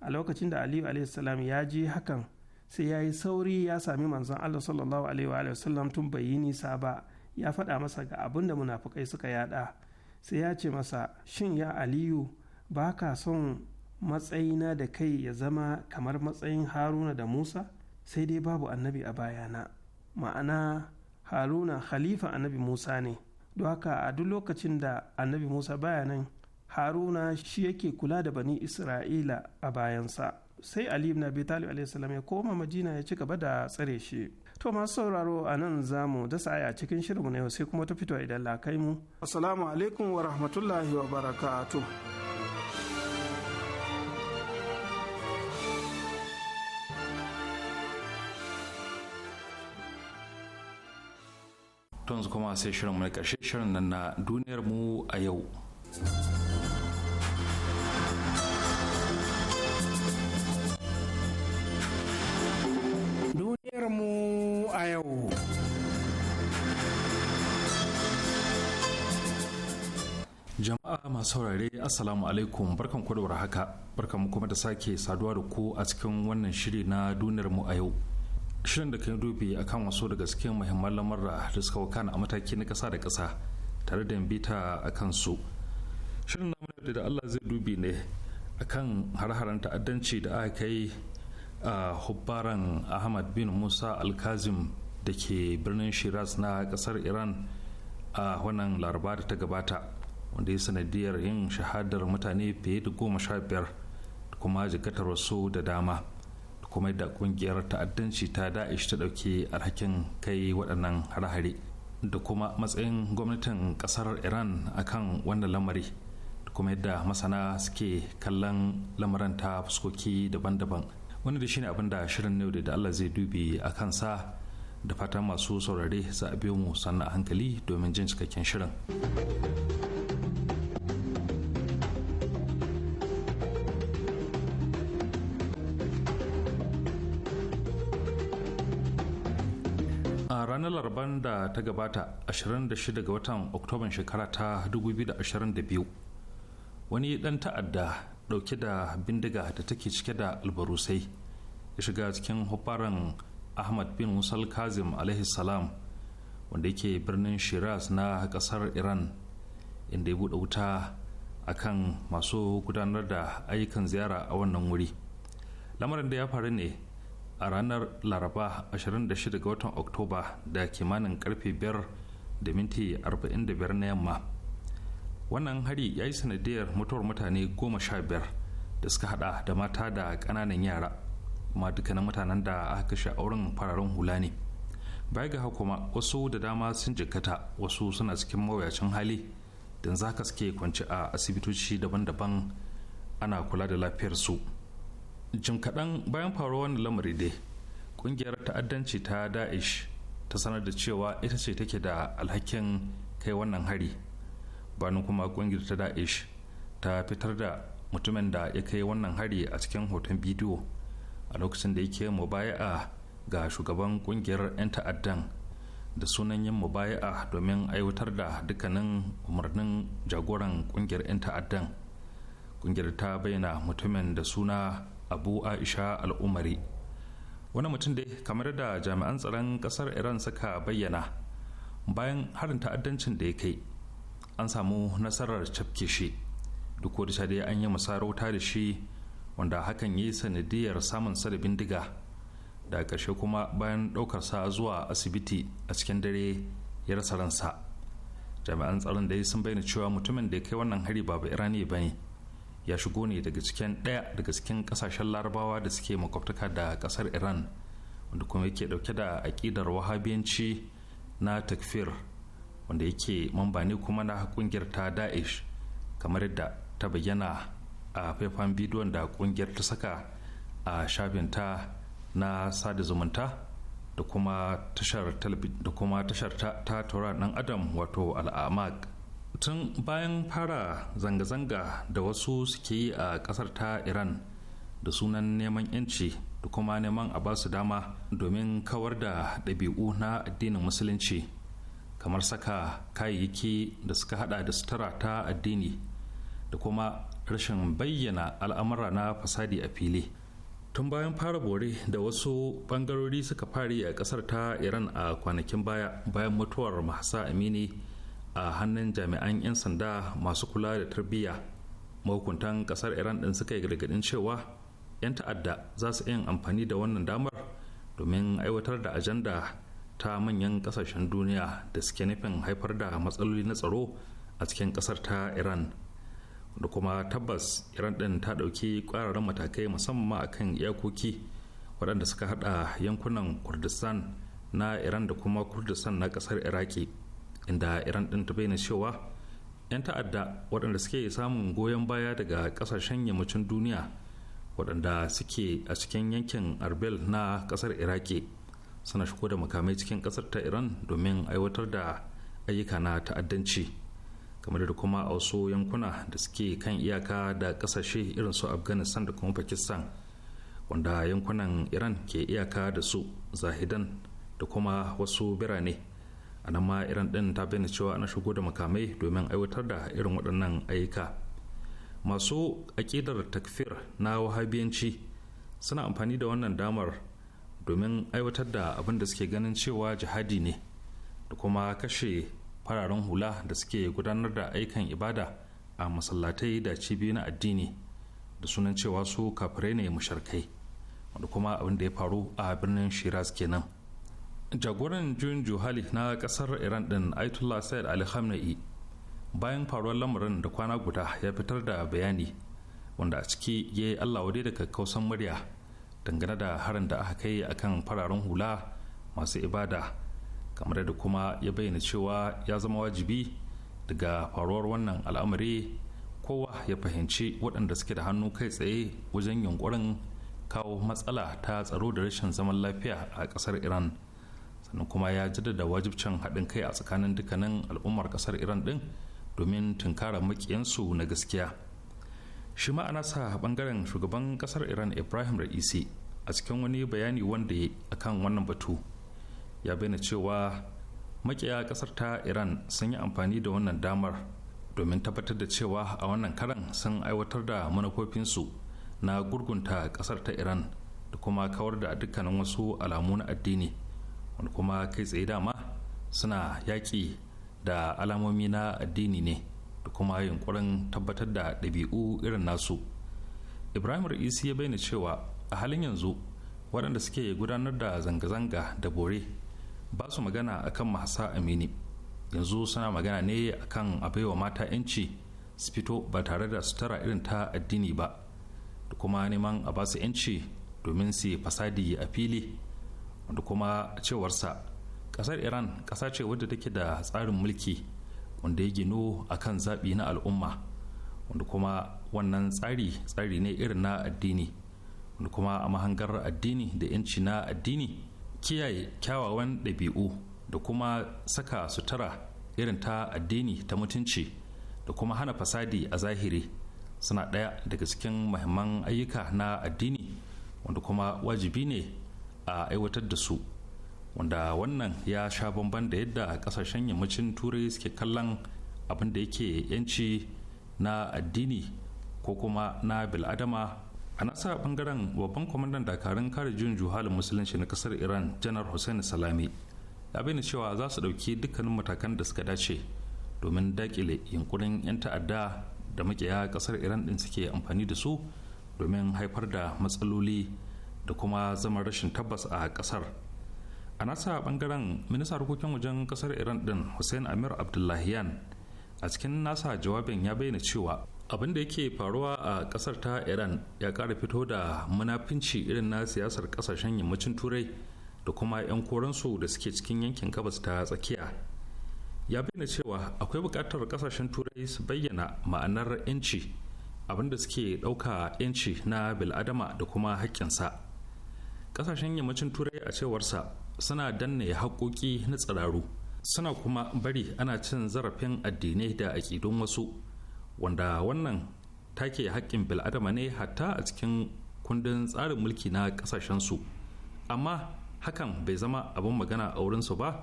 a lokacin da aliyu salam ya je hakan sai ya yi sauri ya sami manzon allah sallallahu alaihi wa sallam tun bai yi nisa ba ya faɗa masa ga abin da munafukai suka yada sai ya ce masa shin ya aliyu ba ka son matsayina da kai ya zama kamar matsayin haruna da musa sai dai babu annabi a bayana ma'ana haruna khalifa annabi musa ne don haka a duk lokacin da annabi musa bayanan haruna shi yake kula da bani isra'ila a bayansa sai ali ibn abi talib ya koma madina ya ci gaba da tsare shi to masu sauraro a nan za mu dasa aya cikin shirinmu na yau sai kuma ta fito idan lakai mu assalamu alaikum wa rahmatullahi wa barakatuh su kuma sai shirin mai ƙarshe shirin nan na duniyar mu a yau. jama'a masu saurare assalamu alaikum barkan ku da haka barkan mu kuma da sake saduwa da ku a cikin wannan shiri na duniyar mu a yau shirin da kan dubi akan wasu daga cikin muhimman lamarra da suka wakana a mataki na kasa da kasa tare da bita a kansu shirin na da allah zai dubi ne akan har-haren ta'addanci da aka kai a hubbaran ahmad bin musa alkazim da ke birnin shiraz na kasar iran a wannan laraba da ta gabata wanda ya sanadiyar yin shahadar mutane fiye da goma sha biyar da kuma jikatar wasu da dama da kuma da kungiyar ta'addanci ta da'ish ta dauke alhakin kai waɗannan hare da kuma matsayin gwamnatin ƙasar iran akan wannan lamari da kuma yadda masana suke kallon lamarin ta fuskoki daban-daban wani da shine abin da shirin ne da allah zai dubi a kansa da fata masu saurare za a biyo mu sannan hankali domin jin cikakken shirin. a ranar laraban da ta gabata 26 ga watan oktoban shekara ta 2022 wani dan ta'adda dauke da bindiga da take cike da albarusai ya shiga cikin hubbaran ahmad bin musal kazim alaihi salam wanda yake birnin shiraz na kasar iran inda ya buɗe wuta a kan masu gudanar da ayyukan ziyara a wannan wuri lamarin da ya faru ne a ranar laraba 26 ga watan oktoba da kimanin karfe 5 da minti 45 na yamma wannan hari ya yi sanadiyar mutuwar mutane 15 da suka hada da mata da kananan yara kuma dukkanin mutanen da aka kashe auren fararen hula ne baya ga kuma wasu da dama sun jikkata wasu suna cikin mawuyacin hali don za ka suke kwanci a asibitoci daban-daban ana kula da lafiyarsu jim kaɗan bayan faruwar wani lamari dai ƙungiyar ta'addanci ta da'ish ta sanar da cewa ita ce take da alhakin kai wannan hari bani kuma ƙungiyar ta da'ish ta fitar da mutumin da ya kai wannan hari a cikin hoton bidiyo a lokacin da yake mubaya'a ga shugaban kungiyar 'yan ta'addan da sunan yin mubaya'a domin aiwatar da dukkanin umarnin jagoran kungiyar 'yan ta'addan kungiyar ta bayyana mutumin da suna abu aisha al'umari wani mutum da kamar da jami'an tsaron kasar iran suka bayyana bayan harin ta'addancin da ya kai an samu nasarar cafke shi duk da dai an yi musarauta da shi wanda hakan ya yi sanadiyar samun sa da bindiga da ƙarshe kuma bayan ɗaukarsa zuwa asibiti a cikin dare ya rasa ransa jami'an tsaron da ya sun bayyana cewa mutumin da ya kai wannan hari ba irani ba ne ya shigo ne daga cikin ɗaya daga cikin ƙasashen larabawa da suke makwabtaka da ƙasar iran wanda kuma yake ɗauke da aƙidar wahabiyanci na takfir wanda yake mamba ne kuma na ƙungiyar ta da'ish kamar yadda ta bayyana a faifan bidiyon da kungiyar ta saka a shafinta na sada zumunta da kuma tashar da kuma tashar ta tura dan adam wato al'amak tun bayan fara zanga-zanga da wasu suke yi a kasar ta iran da sunan neman yanci da kuma neman a basu dama domin kawar da ɗabi'u na addinin musulunci kamar saka kayayyaki da suka hada da sutura ta addini da kuma rashin bayyana al'amura na fasadi a fili tun bayan fara bore da wasu bangarori suka fari a kasar ta iran a kwanakin baya bayan mutuwar mahasa amini a hannun jami'an 'yan sanda masu kula da tarbiyya mahukuntan kasar iran din suka yi gargadin cewa 'yan ta'adda za su yin amfani da wannan damar domin aiwatar da ajanda ta manyan kasashen duniya da suke nufin haifar da matsaloli na tsaro a cikin kasar ta iran da kuma tabbas iran din ta dauki kwararren matakai musamman a kan iyakoki waɗanda suka hada yankunan kurdistan na iran da kuma kurdistan na ƙasar iraki inda iran din ta bayyana cewa 'yan ta'adda waɗanda suke samun goyon baya daga ƙasashen yammacin duniya waɗanda suke a cikin yankin arbel na ƙasar iraki suna shigo da makamai cikin ƙasar ta iran domin aiwatar da ayyuka na ta'addanci kamar da kuma a wasu yankuna da suke kan iyaka da kasashe irin su afghanistan da kuma pakistan wanda yankunan iran ke iyaka da su zahidan da kuma wasu birane a ma iran din ta bayyana cewa ana shigo da makamai domin aiwatar da irin waɗannan ayyuka masu aƙidar takfir na wahabiyanci suna amfani da wannan damar domin aiwatar da abin da suke ganin cewa jihadi ne da kuma kashe fararen hula da suke gudanar da aikan ibada a masallatai da cibiyoyi na addini da sunan cewa su kafirai ne musharkai wanda kuma abin da ya faru a birnin shiraz kenan jagoran jun juhali na kasar iran din aitullah said ali khamenei bayan faruwar lamarin da kwana guda ya fitar da bayani wanda a ciki ya yi allah wadai da kakkausan murya dangane da harin da aka kai akan fararen hula masu ibada kamar da kuma ya bayyana cewa ya zama wajibi daga faruwar wannan al'amari kowa ya fahimci waɗanda suke da hannu kai tsaye wajen yunkurin kawo matsala ta tsaro da rashin zaman lafiya a ƙasar iran sannan kuma ya jaddada wajibcin haɗin kai a tsakanin dukkanin al'ummar ƙasar iran ɗin domin tunkara makiyansu na gaskiya shi sa nasa ɓangaren shugaban ƙasar iran ibrahim ra'isi a cikin wani bayani wanda ya akan wannan batu ya bayyana cewa makiya kasar ta iran sun yi amfani da wannan damar domin tabbatar da cewa a wannan karan sun aiwatar da manufofinsu na gurgunta kasar ta iran da kuma kawar da dukkanin wasu alamu na addini wanda kuma kai tsaye dama suna yaƙi da alamomi na addini ne da kuma yunkurin tabbatar da ɗabi'u irin nasu ibrahim isi ya bayyana cewa a halin yanzu waɗanda suke gudanar da zanga-zanga da bore ba su magana akan mahasa amini yanzu suna magana ne akan abaiwa mata 'yanci su fito ba tare da sutura irin ta addini ba da kuma neman a basu 'yanci domin su yi fasadi a fili wanda kuma cewarsa kasar iran kasa ce wadda take da tsarin mulki wanda ya gino a kan zaɓi na al'umma wanda kuma wannan tsari tsari ne irin na addini wanda kuma a mahangar addini da 'yanci na addini kiyaye kyawawan ɗabi'u da kuma saka sutura irin ta addini ta mutunci da kuma hana fasadi a zahiri suna ɗaya daga cikin mahimman ayyuka na addini wanda kuma wajibi ne a aiwatar da su wanda wannan ya sha bamban da yadda kasashen yammacin turai suke kallon abin da yake yanci na addini ko kuma na bil'adama a nasa bangaren babban kwamandan dakarun kare jin juhalin musulunci na kasar iran janar hussein salami ya bayyana cewa za su ɗauki dukkanin matakan da suka dace domin dakile yunkurin 'yan ta'adda da makiya kasar iran din suke amfani da su domin haifar da matsaloli da kuma zama rashin tabbas a kasar a nasa bangaren minista harkokin wajen kasar iran din hussein amir abdullahiyan a cikin nasa jawabin ya bayyana cewa abin da yake faruwa a kasar ta iran ya kara fito da munafinci irin na siyasar kasashen yammacin turai da kuma 'yan koransu da suke cikin yankin gabas ta tsakiya ya bayyana cewa akwai buƙatar kasashen turai su bayyana ma'anar 'yanci abinda suke ɗauka 'yanci na bil'adama da kuma haƙƙinsa kasashen yammacin turai a cewarsa suna danne haƙoƙi na tsiraru suna kuma bari ana cin zarafin addinai da aƙidun wasu wanda wannan take haƙƙin bil'adama ne hatta a cikin kundin tsarin mulki na su amma hakan bai zama abin magana a wurinsu ba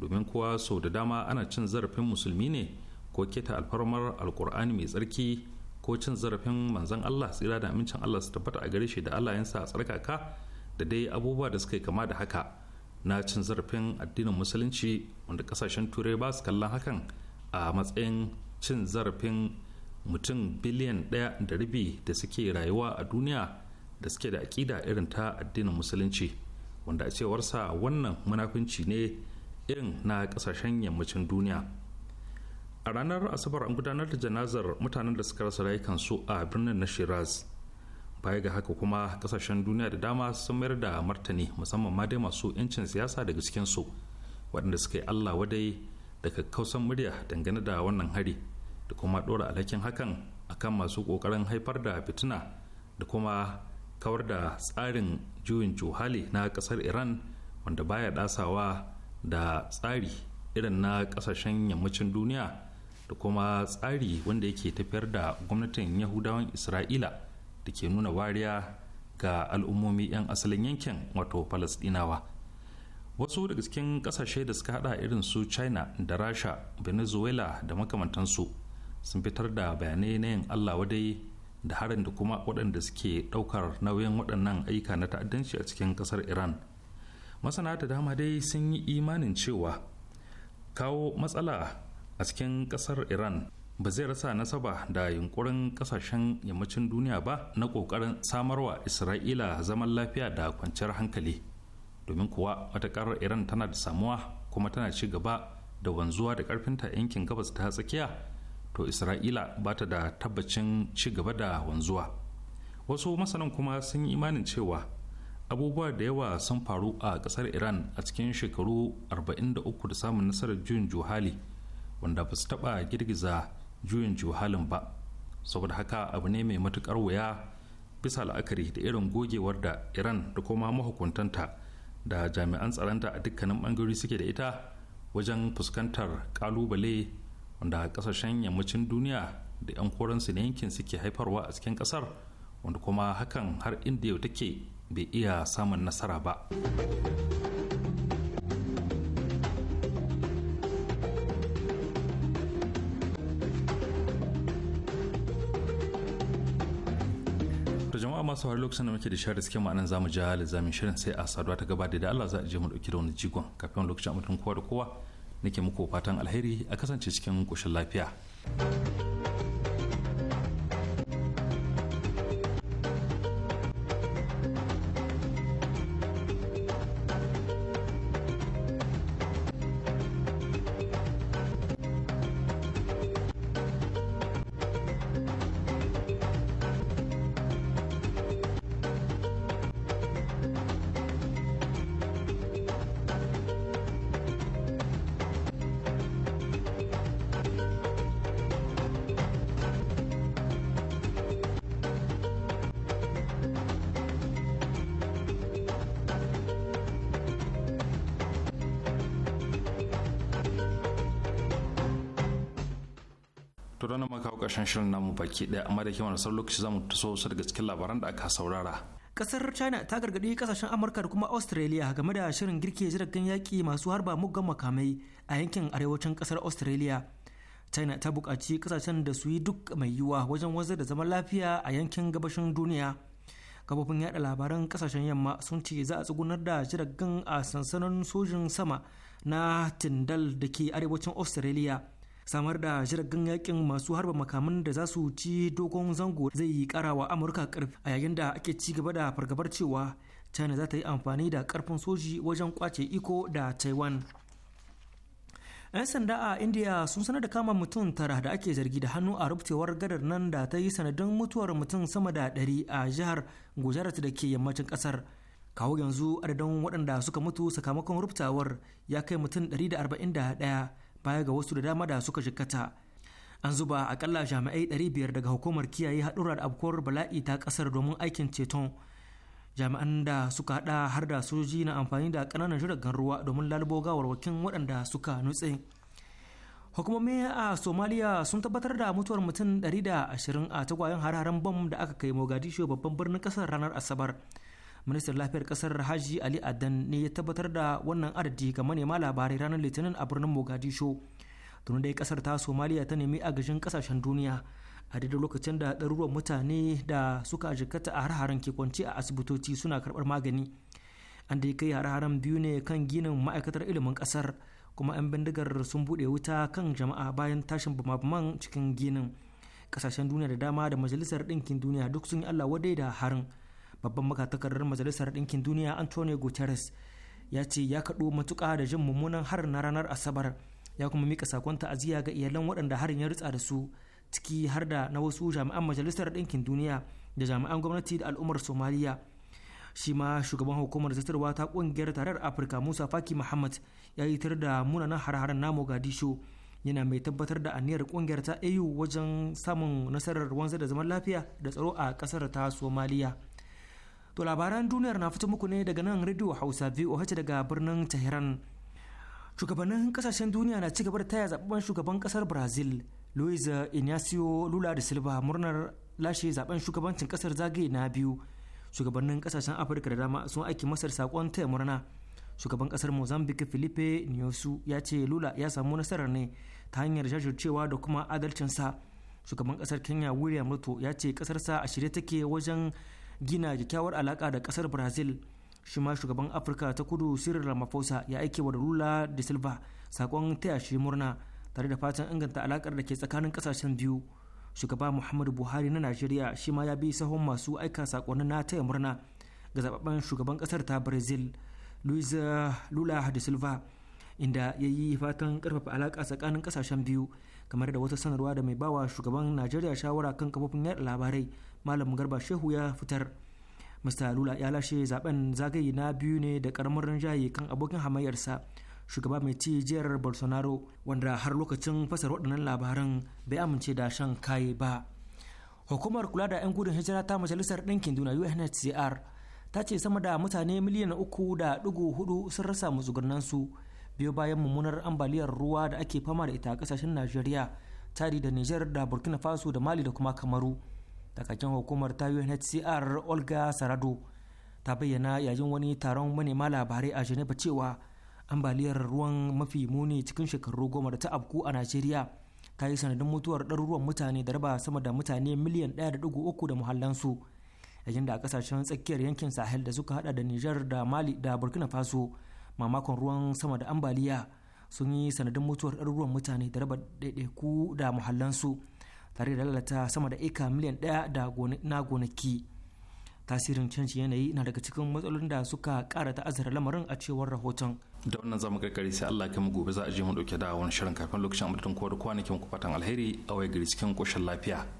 domin kuwa sau da dama ana cin zarafin musulmi ne ko keta alfarmar alkur'ani mai tsarki ko cin zarafin manzan allah tsira da amincin allah su tabbata a gare shi da yansa a tsarkaka da dai abubuwa da suka kama da haka na cin zarafin addinin musulunci wanda kasashen turai ba su kallon hakan a matsayin cin zarafin mutum biliyan ɗaya da rabi da suke rayuwa a duniya da suke da aƙida irin ta addinin musulunci wanda a cewarsa wannan munafunci ne irin na ƙasashen yammacin duniya a ranar asabar an gudanar da janazar mutanen da suka rasa rayukansu a birnin na shiraz baya ga haka kuma kasashen duniya da dama sun mayar da martani musamman ma dai masu 'yancin siyasa daga cikinsu waɗanda suka yi allah wadai da kakkausan murya dangane da wannan hari da kuma ɗora alhakin hakan kan masu ƙoƙarin haifar da fitina da kuma kawar da tsarin juyin juhali na ƙasar iran wanda baya ɗasawa da tsari irin na ƙasashen yammacin duniya da kuma tsari wanda yake tafiyar da gwamnatin yahudawan isra'ila da ke nuna wariya ga al'ummomi 'yan asalin yankin wato falasɗinawa wasu daga cikin kasashe da suka hada irin su china da rasha venezuela da makamantansu sun fitar da bayanai na yin allah wadai da harin da kuma waɗanda suke ɗaukar nauyin waɗannan aika na ta'addanci a cikin ƙasar iran masana ta dama dai sun yi imanin cewa kawo matsala a cikin ƙasar iran ba zai rasa nasaba da yunkurin ƙasashen yammacin duniya ba na ƙoƙarin samarwa isra'ila zaman lafiya da kwanciyar hankali domin kuwa wata karar iran tana da samuwa kuma tana ci gaba da wanzuwa da karfinta yankin gabas ta tsakiya to isra'ila ba ta da tabbacin ci gaba da wanzuwa wasu masanan kuma sun yi imanin cewa abubuwa da yawa sun faru a kasar iran a cikin shekaru 43 da samun nasarar juyin juhali wanda ba su taba girgiza juyin juhalin ba saboda haka abu ne mai matukar wuya bisa la'akari da irin gogewar da iran da kuma mahukuntanta da jami'an tsaronta a dukkanin bangarori suke da ita wajen fuskantar kalubale wanda kasashen yammacin duniya da 'yan koransu na yankin suke haifarwa a cikin kasar wanda kuma hakan har inda yau take bai iya samun nasara ba. masu hari lokacin da muke da shirin suke ma'anan zamu ja lizamin shirin sai a saduwa ta gaba da Allah za a je mu dauki da wani jigon kafin lokacin mutum kowa da kowa nake muku fatan alheri a kasance cikin koshin lafiya. baki daya amma da kimar sauran lokaci zamu taso su daga cikin labaran da aka saurara kasar china ta gargadi kasashen amurka da kuma australia game da shirin girke jiragen yaki masu harba muggan makamai a yankin arewacin kasar australia china ta buƙaci kasashen da su yi duk mai yiwuwa wajen wazar da zaman lafiya a yankin gabashin duniya kafofin yada labaran kasashen yamma sun ce za a tsugunar da jiragen a sansanin sojin sama na tindal da ke arewacin australia samar da jiragen yakin masu harba makaman da za su ci dogon zango zai kara wa amurka karfi a yayin da ake ci gaba da fargabar cewa china za ta yi amfani da karfin soji wajen kwace iko da taiwan 'yan sanda a india sun sanar da kama mutum tara da ake zargi da hannu a rubutewar gadar nan da ta yi sanadin mutuwar mutum sama da ɗari a jihar gujarat da ke yammacin kasar kawo yanzu adadin waɗanda suka mutu sakamakon rubutawar ya kai mutum da da 141 baya ga wasu da dama da suka jikkata an zuba akalla jami'ai 500 daga hukumar kiyaye haɗura da abkuwar bala'i ta kasar domin aikin ceton jami'an da suka hada har da sojoji na amfani da ƙananan jiragen ruwa domin lalubo gawarwakin waɗanda suka nutse hukumomi a somaliya sun tabbatar da mutuwar mutum 120 a tagwayen har-haren bam da aka kai mogadishu babban birnin ƙasar ranar asabar ministan lafiyar kasar haji ali adan ne ya tabbatar da wannan adadi ga manema labarai ranar litinin a birnin mogadisho tuni dai kasar ta somaliya ta nemi agajin kasashen duniya a daidai lokacin da ɗaruruwan mutane da suka jikata a har-haren ke kwance a asibitoci suna karɓar magani an da kai har-haren biyu ne kan ginin ma'aikatar ilimin kasar kuma 'yan bindigar sun buɗe wuta kan jama'a bayan tashin bumabuman cikin ginin kasashen duniya da dama da majalisar ɗinkin duniya duk sun yi allah wadai da harin babban magatakarar majalisar ɗinkin duniya antonio guterres ya ce ya kaɗo matuƙa da jin mummunan harin na ranar asabar ya kuma mika sakon ta'aziyya ga iyalan waɗanda harin ya rutsa da su ciki har da na wasu jami'an majalisar ɗinkin duniya da jami'an gwamnati da al'ummar somaliya shi ma shugaban hukumar zartarwa ta ƙungiyar tarayyar afirka musa faki muhammad ya yi tar da munanan har-haren na mogadishu yana mai tabbatar da aniyar ƙungiyar ta au wajen samun nasarar wanzar da zaman lafiya da tsaro a ƙasar ta somaliya To labaran duniyar na fito muku ne daga nan Radio Hausa VOH daga birnin Tehran. Shugabannin kasashen duniya na ci gaba da taya zaben shugaban kasar Brazil Luiz Inacio Lula da Silva murnar lashe zaben shugabancin kasar zagaye na biyu. Shugabannin kasashen Afirka da dama sun aiki masar sakon taya murna. Shugaban kasar Mozambique Filipe Nyusu ya ce Lula ya samu nasarar ne ta hanyar jajircewa da kuma adalcinsa. Shugaban kasar Kenya William Ruto ya ce kasarsa a shirye take wajen gina kyakkyawar alaka da kasar brazil shi ma shugaban afirka ta kudu cyril ramaphosa ya aike wa lula da silva sakon taya shi murna tare da fatan inganta alakar da ke tsakanin kasashen biyu shugaba muhammadu buhari na najeriya shi ma ya bi sahun masu aika sakonni na taya murna ga zababben shugaban kasar ta brazil luis eh, lula da silva inda ya yi fatan karfafa alaka tsakanin kasashen biyu kamar da wata sanarwa da mai bawa shugaban najeriya shawara kan kafofin yada labarai malam garba shehu ya fitar mista lula ya lashe zaben zagaye na biyu ne da karamar rinjaye kan abokin hamayyarsa shugaba mai ci jiyar bolsonaro wanda har lokacin fasar waɗannan labaran bai amince da shan kaye ba hukumar kula da 'yan gudun hijira ta majalisar ɗinkin duniya unhcr ta ce sama da mutane miliyan uku da ɗigo hudu sun rasa su biyo bayan mummunar ambaliyar ruwa da ake fama da ita a ƙasashen najeriya tari da niger da burkina faso da mali da kuma kamaru takakin hukumar ta unhcr olga sarado ta bayyana yayin wani taron manema labarai a geneva cewa ambaliyar ruwan mafi muni cikin shekaru goma da ta afku a nigeria ta yi sanadin mutuwar ɗaruruwan mutane da raba sama da mutane miliyan 1.3 da muhallansu yayin da a kasashen tsakiyar yankin sahel da suka hada da niger da mali da burkina faso mamakon ruwan sama da ambaliya sun yi sanadin mutuwar ɗaruruwan mutane da raba ɗaiɗaiku da muhallansu tare da lalata sama da eka miliyan ɗaya na gonaki tasirin canji yanayi na daga cikin matsalolin da suka kara ta'azzara lamarin a cewar rahoton da wannan zama karkari sai Allah kai mu gobe za a je mu dauke da wani shirin kafin lokacin amurtun kowar kwanakin ku alheri a waye gari cikin koshin lafiya